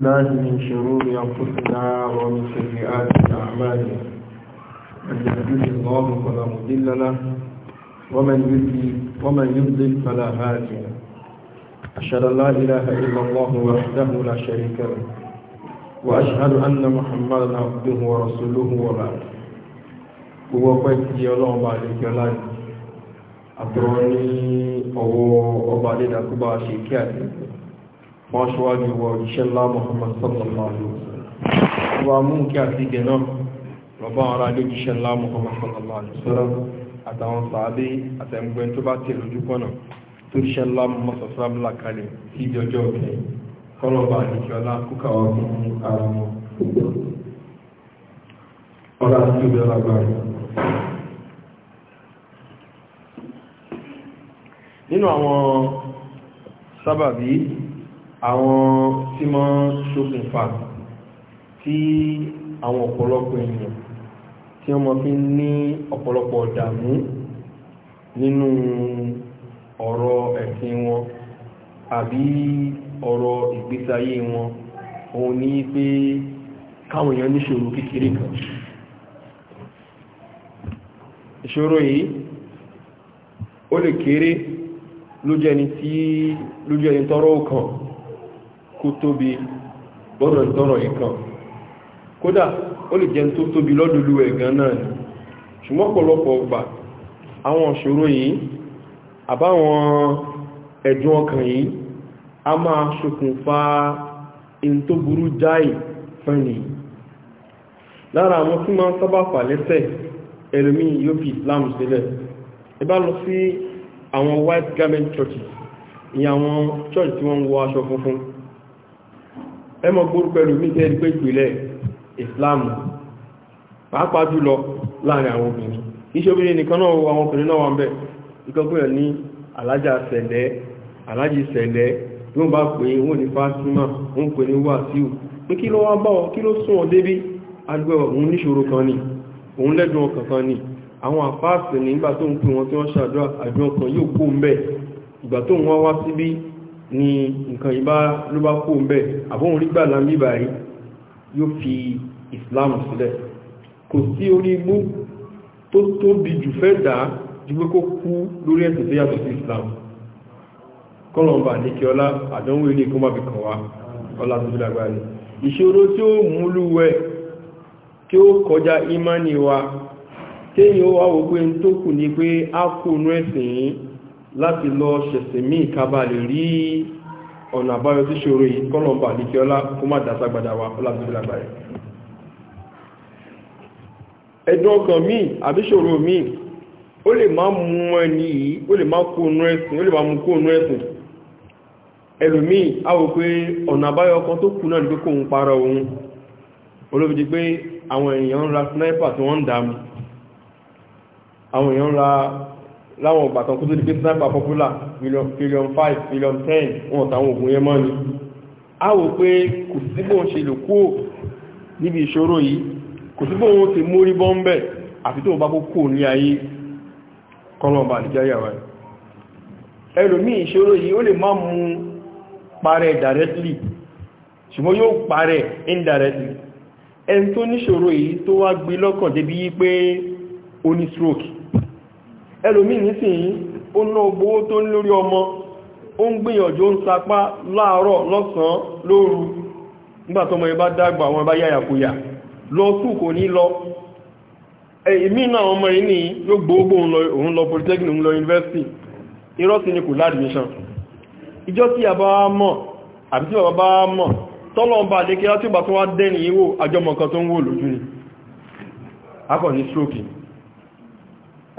الله من شرور أنفسنا ومن سيئات أعمالنا من يهده الله فلا مضل له ومن يضلل ومن يضلل فلا هادي له أشهد أن لا إله إلا الله وحده لا شريك له وأشهد أن محمدا عبده ورسوله وبعد هو قيد الله بعدك الله أبروني أو أبالي لك باشي كاتب wọ́n ṣíwájú wọ ìṣẹ́lá Muhammad sallallahu alaihi wasallam ọba mú kí àti ìdè náà lọ́bá ara ló ìṣẹ́lá Muhammad sallallahu alaihi wasallam àtàwọn sàádé àtẹ̀gbẹ́ tó bá tẹ̀ lójú pọ̀nà tó ṣẹlá Muhammad sábàlá kalẹ̀ sí ibi ọjọ́ ọ̀gbìn kọ́lọ́ba àdìjọ́lá nínú àwọn sábàbí àwọn tí mọ́ ṣokùnfà tí àwọn ọ̀pọ̀lọpọ̀ ènìyàn tí wọ́n mọ́ fi ní ọ̀pọ̀lọpọ̀ dààmú nínú ọ̀rọ̀ ẹ̀sìn wọn àbí ọ̀rọ̀ ìgbésí ayé wọn òun ní pé káwọn èèyàn níṣòro kékeré kan ìṣòro yìí ó lè kéré lójú ẹni ọkàn kó tóbi lọ́dọ̀ tọ́rọ̀ ìkan kódà ó lè jẹun tó tóbi lọ́dọ̀lú ẹ̀gán náà ni ṣùgbọ́n pọ̀lọpọ̀ ọgbà àwọn ìṣòro yìí àbáwọn ẹ̀dùn ọkàn yìí a máa ṣokùnfà in tó burú jáì fẹ́ni lára àwọn tí máa ń sábà fà lẹ́sẹ̀ ẹlòmí yóò fi Islam sílẹ̀ ẹ bá lọ sí àwọn white garment churches ìyàwọn church tí wọ́n ń wọ aṣọ funfun ẹmọ gbórú pẹ̀lú mi tẹ́ pé ìpìlẹ̀ islam pàápàá jùlọ láàrin àwọn obìnrin iṣẹ́ obìnrin nìkan náà àwọn obìnrin náà wà ń bẹ̀ ìkọ́gbìyàn ní alájà sẹ̀lẹ̀ alájì sẹ̀lẹ̀ ló bá pè wọ́n ní fásímà wọ́n pè ní wàsíù pé kí ló wá bá ọ kí ló sún ọ débí agbẹ́ òun níṣòro kan ni òun lẹ́dùn ọkàn kan ni àwọn àfáàsì nígbà tó ń pè wọn tí wọ́n ṣàdúrà àdúrà kan yóò kó ń bẹ̀ ìgbà tó ń wá wá síbí ni nǹkan ìbá ló bá kó ń bẹ̀ àbóhun rí gbà lámì ìbàrí yóò fi islam sílẹ̀ kò sí orí igbó tó tóbi jù fẹ́ dà ju pé kó kú lórí ẹ̀sìn tó yàtọ̀ sí islam kọlọ̀mbà ní kí ọlá àdánwò ilé kó má fi kàn wá ọlá tó dàgbà ní ìṣòro tí ó múlúwẹ̀ tí ó kọjá ìmánì wa téèyàn wá wò pé ń tó kù ní pé á kú nú ẹ̀sìn yìí láti lọ ṣẹ̀sìn míì kábà lè rí ọ̀nà àbáyọ tí ṣòro yìí kọ́lọ̀mbà níkẹ́ọ́lá kó má dá sagbada wa ọlábìlágbàrẹ̀ ẹ̀dùn ọkàn míì àbí ṣòro míì ó lè má mú ẹni yìí ó lè má kó nú ẹ̀sìn ó lè má mú kó nú ẹ̀sìn ẹlòmíì á wò pé ọ̀nà àbáyọ kan tó kù náà ní pé kóun parọ́ òun olóbi di pé àwọn èèyàn ń ra sniper tí wọ́n ń dàmú àwọn èèyàn ń ra láwọn ọgbà tán kó tó di pé sniper popular million five million ten wọn táwọn ògùn yẹn mọ́ ni a wò pé kò sí bóun ṣe lè kúò níbi ìṣòro yìí kò sí bóun ti mórí bọ́m̀bẹ̀ àfi tó bá kó kò ní ayé kọlọ̀ọ̀bà àdìjáyà wa ẹlòmí ìṣòro yìí ó lè má mú parẹ́ directly ṣùgbọ́n yóò parẹ́ indirectly ẹni tó níṣòro yìí tó wá stroke ẹlòmíì nísìnyí ó ná gbowó tó ń lórí ọmọ ó ń gbìyànjú ń sapá láàárọ̀ lọ́sàn-án lóru nígbà tọmọ bá àwọn ẹbá lọ sùn kò ní lọ èmi náà ọmọ yìí ní gbogbo òun lọ polytechnic lọ university ni kò ìjọ tí a bá mọ̀ àbí tí bàbá bá mọ̀ tọ́lọ̀ ń bá ni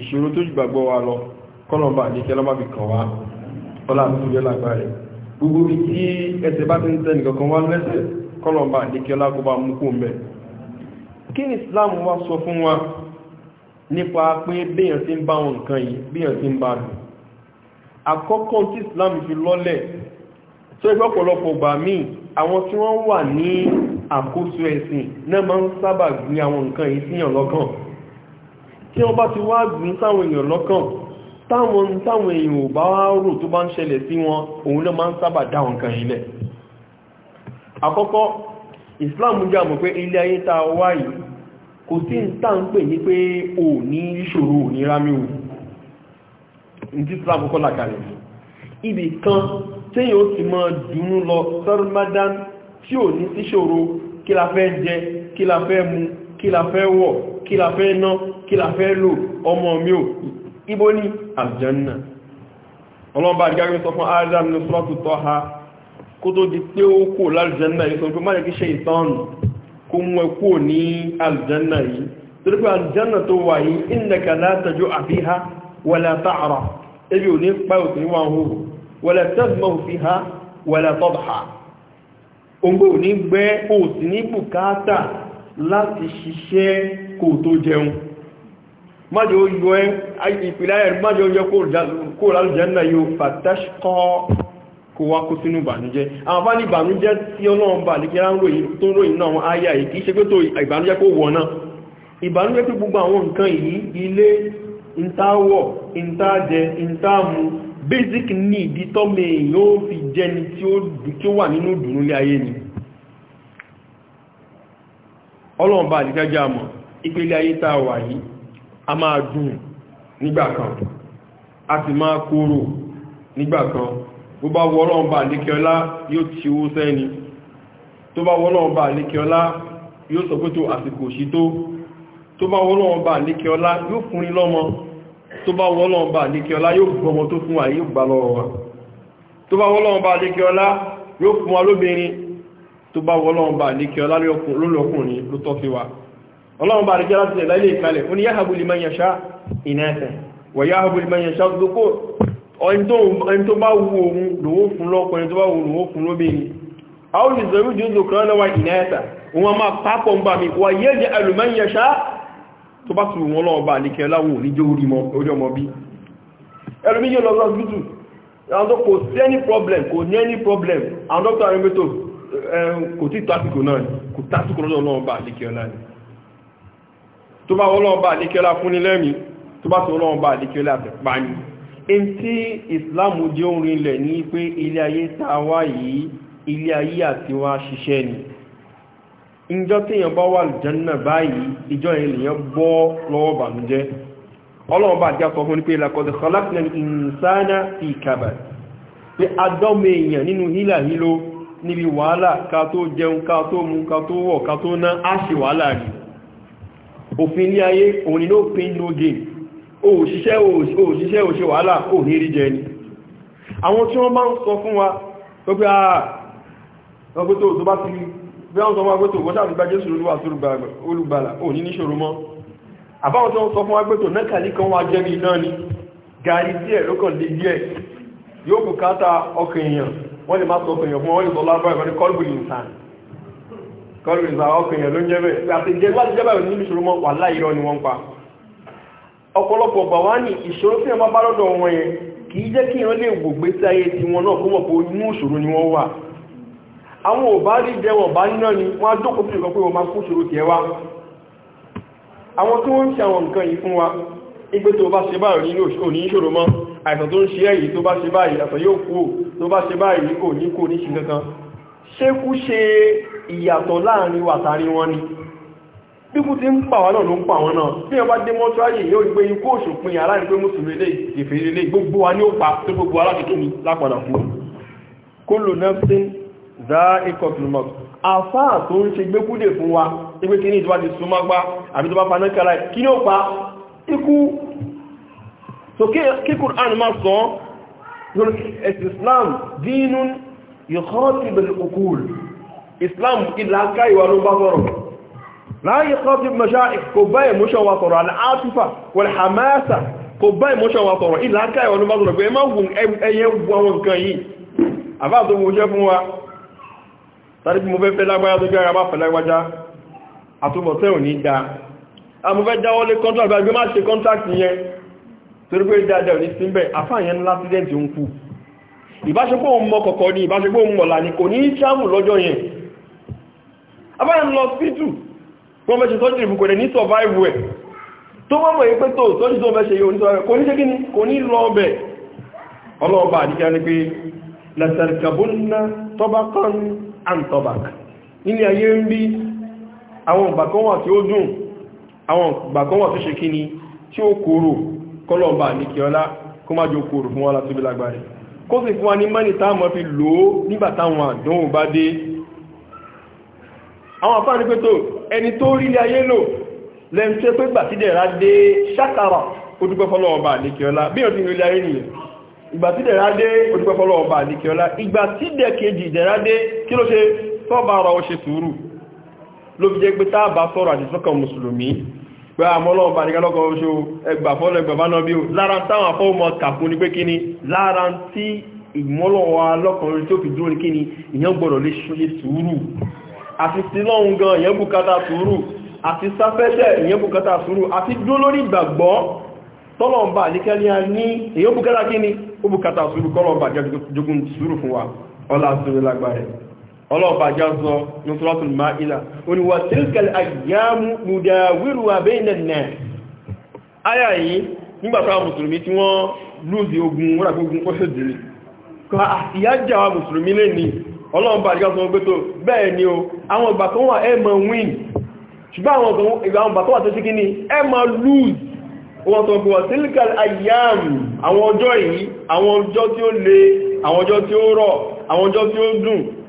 ìṣòro tó jù gbàgbọ́ wa lọ kọ́lọ̀mbà ní kẹlọ́mà fi kàn wá ọlá tó yẹ lágbàrẹ̀ gbogbo bí tí ẹsẹ̀ bá ti ń tẹ́ wá lẹ́sẹ̀ kọ́lọ̀mbà ní kẹlá kó mú kó mẹ́ kí ni Islam wá sọ fún wa nípa pé béèyàn ti ń bá wọn nǹkan Islam fi lọ́lẹ̀ tó ẹgbẹ́ ọ̀pọ̀lọpọ̀ gbà míì àwọn tí wọ́n wà ní àkóso ẹ̀sìn tí wọ́n bá ti wá gbìn sáwọn èèyàn lọ́kàn táwọn táwọn èèyàn ò bá rò tó bá ń ṣẹlẹ̀ sí wọn òun ló máa ń sábà dá kan ilẹ̀ àkọ́kọ́ Islam jẹ́ pé ilé ayé tá a wá yìí kò sí ń tà ń pè ní pé ò ní ìṣòro ò ní rámíwò ní Islam kọ́kọ́ làkàlẹ̀ ibì kan téèyàn ó ti máa dùnú lọ sọ́rọ̀mádán tí ò kí la fẹ́ jẹ kí la fẹ́ mu kí la fẹ́ wọ̀ kí la fẹ́ ná kí la fẹ́ lò ọmọ mi ò ibo ní àjẹ́nà ọlọ́mbà gárí sọ fún adam ní sọ́tù tọ́ ha kó tó di pé ó kò lálìjẹ́nà yìí sọ pé má kí ṣe ìtọ́nù kó mú ẹ kó ní àlìjẹ́nà yìí torí òǹgbò ní gbẹ́ òsì ní bùkátà láti ṣiṣẹ́ kò tó jẹun májò yọ ẹ́ ìpìlẹ̀ ẹ̀ májò yọ kó lálùjẹ́nà yóò fàtẹ́ṣkọ́ kó wá kó sínú ìbànújẹ́ àwọn bá ní ìbànújẹ́ tí ọlọ́run bà ní kíra tó ń ròyìn náà ayà yìí kìí ṣe pé tó ìbànújẹ́ kó wọ̀ náà ìbànújẹ́ pé gbogbo àwọn nǹkan yìí ilé ìtawọ̀ ìtajẹ ìtamu basic need tọ́mẹ̀ èèyàn ó fi jẹni tí ó wà nínú ìdùnnú lé ayé ni ọlọ́run bá àdìgájá mọ̀ ìpele ayé tá a wà yìí a máa dùn nígbà kan a sì máa kóró nígbà kan bó bá wọ ọlọ́run bá àdìkẹ́ọlá yóò ti owó sẹ́ni tó bá wọ ọlọ́run bá àdìkẹ́ọlá yóò sọ pé tó àsìkò sí bá wọ bá àdìkẹ́ọlá yóò yóò gbọmọ tó fún wa yóò gbà lọ́wọ́ wa tó bá wọ ọlọ́run bá àdìkẹ́ọlá yóò fún wa lóbìnrin tó bá wọ ọlọ́run bá ní kí ọlá lọ́lọ́kùnrin ló tọ́ fi wa ọlọ́run bá rẹ̀kẹ́ láti ẹ̀lá ilé ìkalẹ̀ ó ní yáhàbù lè mẹ́yànṣá ìnáẹ̀sẹ̀ wà yáhàbù lè mẹ́yànṣá gbogbo ẹni tó bá wù ohun lòó fún lọ́kùnrin tó bá wù lòó fún lóbìnrin a ó lè zọrú jù lò kọ́nà wa ìnáẹ̀sà wọn máa pápọ̀ gbà mí wà yé jẹ́ kò sí any problem kò ní any problem àwọn dókítà rẹ̀ kò tí tásìkò náà kò tásìkò lọ́dọ̀ náà bá àlékẹ́ ọlá ni tó bá wọ́lọ́wọ́ bá àlékẹ́ ọlá fún ní lẹ́mí tó bá tó lọ́wọ́ bá àlékẹ́ ọlá fẹ́ pa ni in tí Islam jẹ́ orin lẹ̀ ní pé ilé ayé yìí ilé àti wá ṣiṣẹ́ ni ìjọ téèyàn bá wà lùjánná báyìí ìjọ yẹn bọ́ lọ́wọ́ bànújẹ́ ọlọ́wọ́ bá àjá sọ fún ní pé lakọ̀dẹ̀ khalaqna al-insana fi kabad pé adọ́mọ èèyàn nínú hílàhílò níbi wàhálà ká tó jẹun ká tó mú ká tó wọ̀ ká tó ná á wàhálà rí òfin ilé ayé òun ni no pain no gain òṣìṣẹ́ òṣìṣẹ́ òṣè wàhálà ò ní rí jẹ ni àwọn tí wọ́n bá ń sọ fún wa ah! tó pé àà ọgbótó tó bá ti bí wọ́n sọ wọ́n agbótó wọ́n sáàbí bá jésù olúwa olùgbàlà ò ní níṣòro mọ́ àbáwọn tí wọ́n sọ fún agbótó nákàlí yóò bùkátà ọkàn èèyàn wọ́n lè má sọ ọkùnrin fún wọ́n lè sọ lábọ́ ẹ̀kọ́ ní kọ́lùbù ìsàn kọ́lùbù ìsàn ọkùnrin ló ń jẹ́ bẹ́ẹ̀ àti jẹ́ láti jẹ́ bẹ́ẹ̀ níbi ìṣòro mọ́ wà láì irọ́ ni wọ́n ń pa ọ̀pọ̀lọpọ̀ ọgbà wá ní ìṣòro tí wọ́n bá lọ́dọ̀ wọn yẹn kì í jẹ́ kí ìran lè wò gbé sí ayé tí wọn náà kó mọ̀ pé inú ìṣòro ni wọ́n wà àwọn ò bá rí jẹ́ wọn bá níná ni wọ́n á jókòó sí ìkan pé wọ́n máa kú ìṣòro tiẹ̀ wá àwọn àìsàn tó ń ṣe èyí tó bá ṣe báyìí àìsàn yóò kú tó bá ṣe báyìí kò ní kò ní ṣe kankan ṣé kú ṣe ìyàtọ̀ láàrin wa tàrí wọn ni bíkú ti ń pa wá náà ló ń pa wọn náà bí ọba dé mọ́túráyì yóò gbé ikú òṣùpin aláìní pé mùsùlùmí lè ìfèrè lè gbogbo wa ní ó pa tó gbogbo aláàtútù ní lápadà fún kullu nafsin dha'iqatul maut àfáà tó ń ṣe gbékúdè fún wa ipé kí ní ìjọba ti súnmọ́ gbá àbí tó bá panákàlá kí ní ó pa ikú so kí Kùránì máa sọ ẹ̀sìn Islam dínún yìí okul Islam ìlàkà ìwà ló bá fọ́rọ̀ láyé kọ́tí mẹ́ṣá kò bá ìmúṣọ́ wa sọ̀rọ̀ aláàtífà wal hamasa kò bá ìmúṣọ́ wa sọ̀rọ̀ ìlàkà ìwà ló bá sọ̀rọ̀ pé ẹmá wùn ẹyẹ wọn nǹkan yìí àbá tó mú ṣẹ́ fún wa tàbí mo fẹ́ fẹ́ lágbáyá tó gbára torí pé dáadáa ní símbẹ̀ àfáàyàn ńlá sídẹ̀ntì ń kú ìbáṣepọ̀ mọ́ kọ̀kọ́ ní ìbáṣepọ̀ mọ̀lá ní kò ní ìṣàmù lọ́jọ́ yẹn abáyàn lọ spítù wọ́n mẹ́ṣe tọ́jú ìbùkò ní survive ẹ̀ tó wọ́n mọ̀ pé tó tọ́jú tó mẹ́ṣe yóò ní sọ́rọ̀ kò ní ṣe kíní kò ní lọ ọbẹ̀ ọlọ́ọ̀bà àdíkà ní pé lẹ́sẹ̀rẹ̀kàbónà tọ́bákan and tọ́bák nílé ayé tí ó kòrò kọ́lọ̀mbà àníkíọ́lá kó má jò kòrò fún wa látóbi lágbàrí kó sì fún wa ní mẹ́ni táàmọ́ fi lò ó nígbà táwọn àdánwò bá dé àwọn àfáà ní pẹ́tò ẹni tó rí ilé ayé lò lẹ́nu tí ó pé gbà sídẹ̀ra dé ṣákàrà ó dúpẹ́ fọ́lọ́ọ̀bà àníkíọ́lá bí ọdún ilé ayé pé àmọ́lọ́wọ́ bá ní kálọ́kọ̀ oṣù ẹgbàfọ́lọ́ ẹgbàfánà bí o lára táwọn afọ́wọ́mọ́ kàkún ní pé kí ni lára tí ìmọ́lọ́wọ́ alọ́kọ̀ọ́rin tí ó fi dúró ní kí ni ìyẹn gbọ́dọ̀ lè ṣe sùúrù àti sílọ́hun gan ìyẹn bùkátà sùúrù àti sáfẹ́ṣẹ̀ ìyẹn bùkátà sùúrù àti dúró lórí ìgbàgbọ́ tọ́lọ̀mbà níkẹ́lẹ́yà ní ìyẹn bùkátà kí ni ó bùkátà sùúrù kọ́lọ̀mbà jogun sùúrù fún wa ọlá ọlọ́ọ̀bá já sọ ní suratul Ma'idah ó ní wa tilkal ayyamu nudawiluha bayna an-nas ayà yìí nígbàtà mùsùlùmí tí wọ́n lóòdì ogun rágbógun kọ́ṣẹ́dìrí kọ́ àtìyájà wa mùsùlùmí lè ní ọlọ́ọ̀bá já bẹ́ẹ̀ ni o lose wọ́n tó ayyam àwọn ọjọ́ yìí àwọn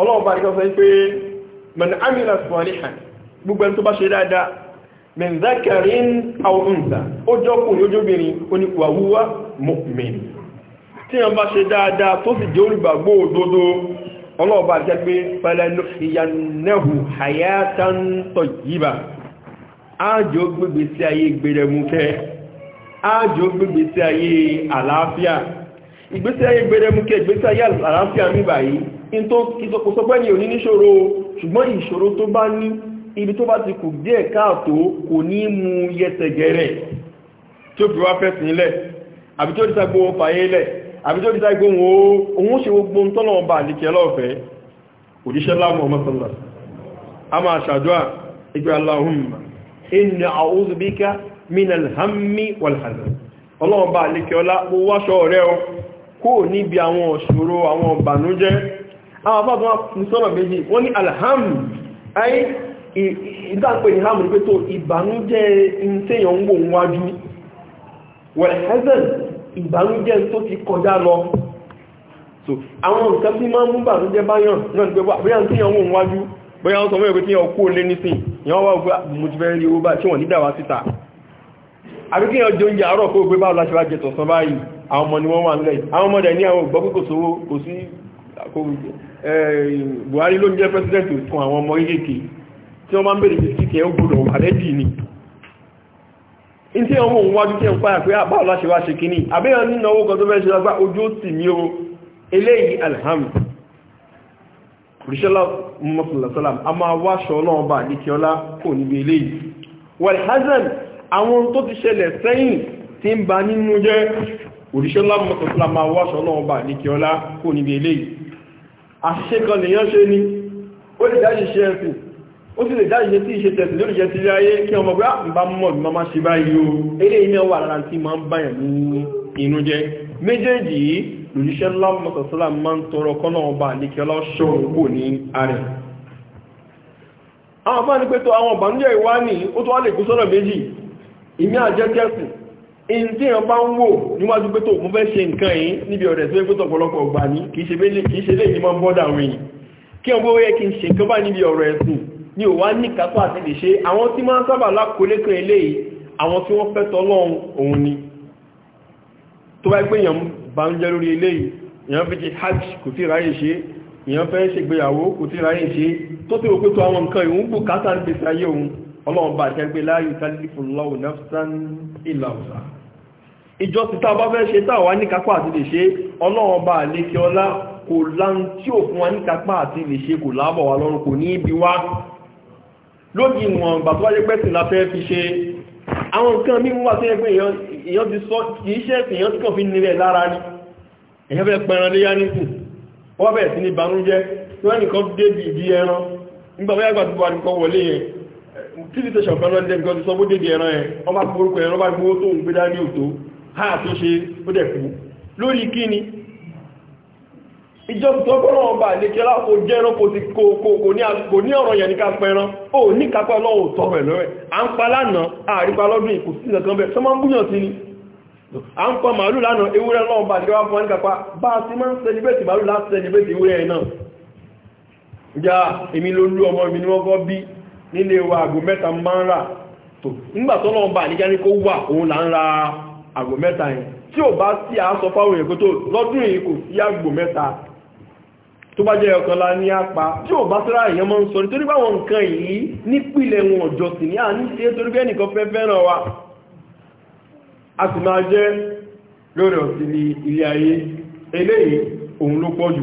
ọlọ́run bá rí kọ́ sọ pé man amila salihan gbogbo ẹni tó bá ṣe dáadáa min zakarin aw unsa ó jọ́kùnrin ojóbìnrin oníkùwà wúwá mu'min tí wọ́n bá ṣe dáadáa tó sì jẹ́ olùgbàgbọ́ òdodo ọlọ́run bá jẹ́ pé falanuhyiyannahu hayatan tayyiba ájò ìtòkòsọpẹ́ ni ò ní níṣòro ṣùgbọ́n ìṣòro tó bá ní ibi tó bá ti kù díẹ̀ káàtó kò ní mú yẹtẹ̀gẹ̀rẹ̀ tí ó fi wá fẹ́ sílẹ̀ àbí tó díta gbóhun fàyélẹ̀ àbí tó díta gbóhun ohun ṣe gbogbo tọ́lọ̀ ọba inni a'udhu bika minal hammi wal hazan ọlọ́ọ̀ba àdíkẹ́ ọlá gbówáṣọ́ rẹ̀ àwọn afọ́bọ̀ musọ́nà méjì wọ́n ní alhamdu ayé ìdáǹpẹ̀ ní hamdu pé tó ìbànújẹ́ ìtẹ́yàn wò wájú wẹ̀hẹ́zẹ̀n ìbànújẹ́ tó ti kọjá lọ so àwọn nǹkan tí máa ń mú bànújẹ́ báyàn náà nígbẹ́ bóyá ń tíyàn wò wájú bóyá wọ́n sọ mẹ́rin pé tíyàn kú lé nísìn ìyàn wá gbé mo ti fẹ́ rí owó báyìí tí wọ́n nídàwà jẹ oúnjẹ àárọ̀ kó gbé báwọn láṣẹ́wà jẹ tọ̀sán báyìí àwọn ọmọ ni wọ́n wà nílẹ̀ àwọn ọmọdé ní àwọn ògbọ́ kò sí Eh, Buhari ló ń jẹ́ president fún àwọn ọmọ ìrèké tí wọ́n máa ń bèèrè bisikíìtì ẹ̀ ń gbọ́dọ̀ wà lẹ́dì ni tí ọmọ òun wájú tí ń pàyà pé àbá ah, ọláṣẹ wá ṣe kìíní àbíyàn nínú owó kan tó fẹ́ ṣe lágbá ojú ó sì mí o eléyìí alhamd ríṣẹ́lá mọ́sùlùmọ́sùlùm a máa wáṣọ náà bá níkíọlá kò níbi eléyìí wal hazan àwọn tó ti ṣẹlẹ̀ sẹ́yìn tí ba nínú jẹ́ àṣẹ́kan nìyàn ṣe ní ó lè dáṣe ṣe ẹ̀sìn ó sì lè dáṣe tí ìṣe tẹ̀sìn lórí jẹ́ tílé ayé kí ọmọ gbá ah, bá mọ̀ bí máa ṣe báyìí o eré iná wà lára tí máa ń báyàn ní inú jẹ́ méjèèjì lòjíṣẹ́ ńlá mọ́sàsọ́lá máa ń tọrọ kọ́nà ọba àlékẹ́ ọlọ́ṣọ́ òkú ní ààrẹ àwọn afáàní pé tó àwọn ìbànújẹ́ ìwá ní ó tó wá lè kú sọ́nà méjì ìmí in tí èyàn bá ń wò níwájú pé tó mú fẹ́ ṣe nǹkan yìí níbi ọ̀rẹ̀ tó pé tọ̀pọ̀lọpọ̀ ọgbà ní kìí ṣe lè ní máa bọ́dà àwọn èyàn kí ọmọ yẹ kí n ṣe nǹkan bá níbi ọ̀rọ̀ ẹ̀sùn ni ò wá ní kápá àti lè ṣe àwọn tí máa ń sábà lákòólé kan eléyìí àwọn tí wọ́n fẹ́ tọ́lọ́run òun ni tó bá pé èyàn bá ń jẹ́ lórí eléyìí èyàn fẹ́ ṣe hajj kò tí ráyè ṣe èyàn fẹ́ ṣègbéyàwó kò tí ráyè ṣe tó tí ó pé tó àwọn nǹkan ìwọ̀n bùkátà ń gbèsè ayé òun ọlọ́run bá jẹ́ pé la yukallifu Allahu nafsan illa wus'aha ìjọsìn tá a bá fẹ́ ṣe táwa ní kápá àti lè ṣe ọlọ́run bá lè kí ọlá kò láhun tí ò fún wa ní kápá àti lè ṣe kò láàbọ̀ wa lọ́rùn kò ní ibi wá lójú ìwọ̀n ìgbà tó wáyé pẹ́sìn la fẹ́ fi ṣe àwọn nǹkan mí wá sí ẹgbẹ́ èèyàn ti sọ kì í ṣe èèyàn tí kàn fi nílẹ̀ lára ni èèyàn fẹ́ pẹran léyá nísìn wọ́n bẹ̀rẹ̀ sí ní banújẹ́ tí wọ́n nìkan débi ìdí ẹran nígbà bóyá gbàdúgbà nìkan wọlé yẹn kí ní tẹ̀sán kan lọ́dẹ̀ bí wọ́n ti sọ bó dédé ẹran ẹ̀ ọba forúkọ ẹran ọba gbówó tó ń gbé dání òtó ha tó ṣe ó dẹ̀ kú lórí kí ni ìjọsìn tó kọ́rọ̀ ọba àdékẹ́lá kò jẹ́ ẹran kò ní ọ̀rọ̀ yẹn ní ká pẹ́ ẹran ó ní kápá lọ́wọ́ tọ́ rẹ̀ lọ́rẹ̀ à ń pa lánàá àrípa lọ́dún ìkò sí ìkankan bẹ̀ tó máa ń gúnyàn sí ni à ń pa màálù lánàá ewúrẹ́ lọ́wọ́ bá àdékẹ́lá fún ẹnìkàpá bá a ti máa ń sẹ́lẹ̀bẹ̀tì màálù láti sẹ́lẹ̀bẹ̀tì ewúrẹ́ náà ìjà èmi ló lú ọmọ mi ni wọ́n kọ́ bí nílé wa àgbò mẹ́ta máa ń rà tó nígbà tó lọ́wọ́ bá àníjá ní kó wà òun là ń ra àgbò mẹ́ta yẹn tí ò bá sí àásọ fáwọn èèyàn tó lọ́dún yìí kò sí àgbò mẹ́ta tó bá jẹ́ ọ̀kan la ní apá tí ò bá síra èèyàn máa ń sọ nítorí báwọn nǹkan yìí nípìnlẹ̀ wọn ọ̀jọ̀ sí ní àní torí bẹ́ẹ̀ nìkan fẹ́ fẹ́ràn wa a sì máa jẹ́ lórí ọ̀sìn ilé ayé eléyìí òun ló pọ̀ jù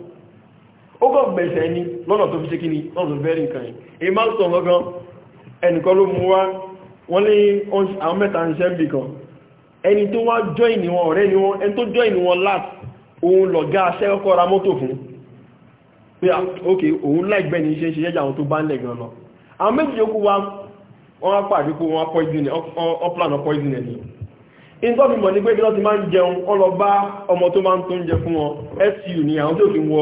ó kọ̀ gbẹ̀sẹ̀ ni lọ́nà tó fi ṣe kíni lọ́nà tó fẹ́ rí nǹkan yìí èyí máa ń sọ lọ́gán ẹnìkan ló mú wá wọ́n ní àwọn mẹ́ta ń ṣẹ́ bì kan ẹni tó wá join wọn ọ̀rẹ́ ni wọn ẹni tó join wọn láti òun lọ̀gá aṣẹ́ kọ́kọ́ ra mọ́tò fún pé ok òun láìgbẹ́ ní ṣe ń ṣe jẹ́jà àwọn tó bá ń lẹ̀ gan lọ àwọn méjì yókù wọ́n wá pàdé wọ́n poison upland poison ẹni nǹkan fi mọ̀ ní pé bí wọ́n ti máa ń jẹun wọ́n lọ bá ọmọ tó máa ń tó ń jẹ fún wọn su ni àwọn tó fi wọ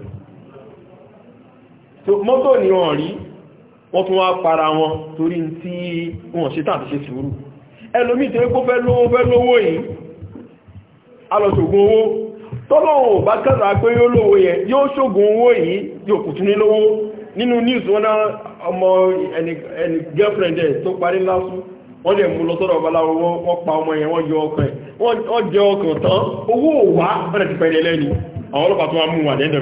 so mọ́tò ni wọ́n rí wọ́n tún wá para wọn torí tí wọ́n ṣe tàbí ṣe sùúrù ẹlòmí tó kó fẹ́ lówó fẹ́ lówó yìí alọ́ṣògùn owó tọ́lọ́wọ̀n bá kẹta pé yóò lówó yẹn yóò ṣògùn owó yìí yóò kù tún ní lówó nínú news wọ́n náà ọmọ ẹni girlfriend ẹ̀ tó parí lásù wọ́n dẹ̀ mú lọ sọ́dọ̀ ọbaláwo wọ́n pa ọmọ yẹn wọ́n jẹ ọkàn wọ́n jẹ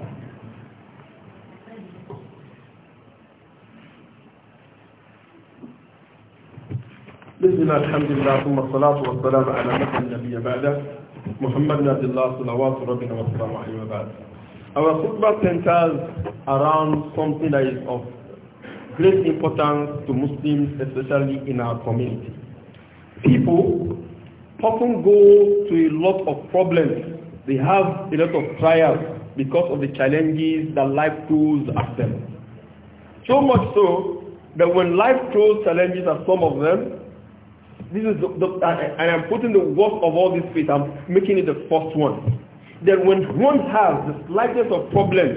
بسم الله الحمد لله ثم الصلاة والسلام على النبي محمد الله صلوات ربنا عليه وبعد Our khutbah centers around something that is of great importance to Muslims, especially in our community. People often go to a lot of problems. They have a lot of trials because of the challenges that life throws at them. So much so that when life throws challenges at some of them, This is the, the I, I am putting the worst of all these faith. I'm making it the first one. Then when one has the slightest of problems,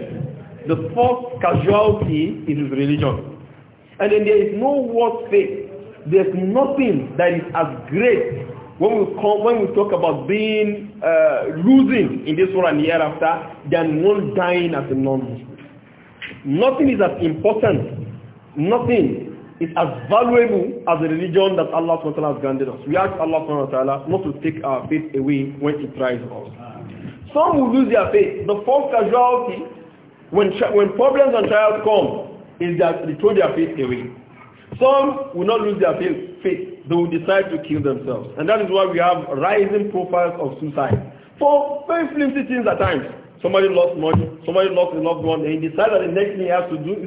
the first casualty is his religion. And then there is no worse faith. There's nothing that is as great when we come, when we talk about being uh, losing in this world and the hereafter than one dying as a non-Muslim. Nothing is as important. Nothing is as valuable as the religion that Allah SWT has granted us. We ask Allah SWT not to take our faith away when it tries us. Some will lose their faith. The first casualty when, when problems and trials come is that they throw their faith away. Some will not lose their faith. faith. They will decide to kill themselves. And that is why we have rising profiles of suicide. For very flimsy things at times. Somebody lost money, somebody lost a loved one, and he decided that the next thing he has to do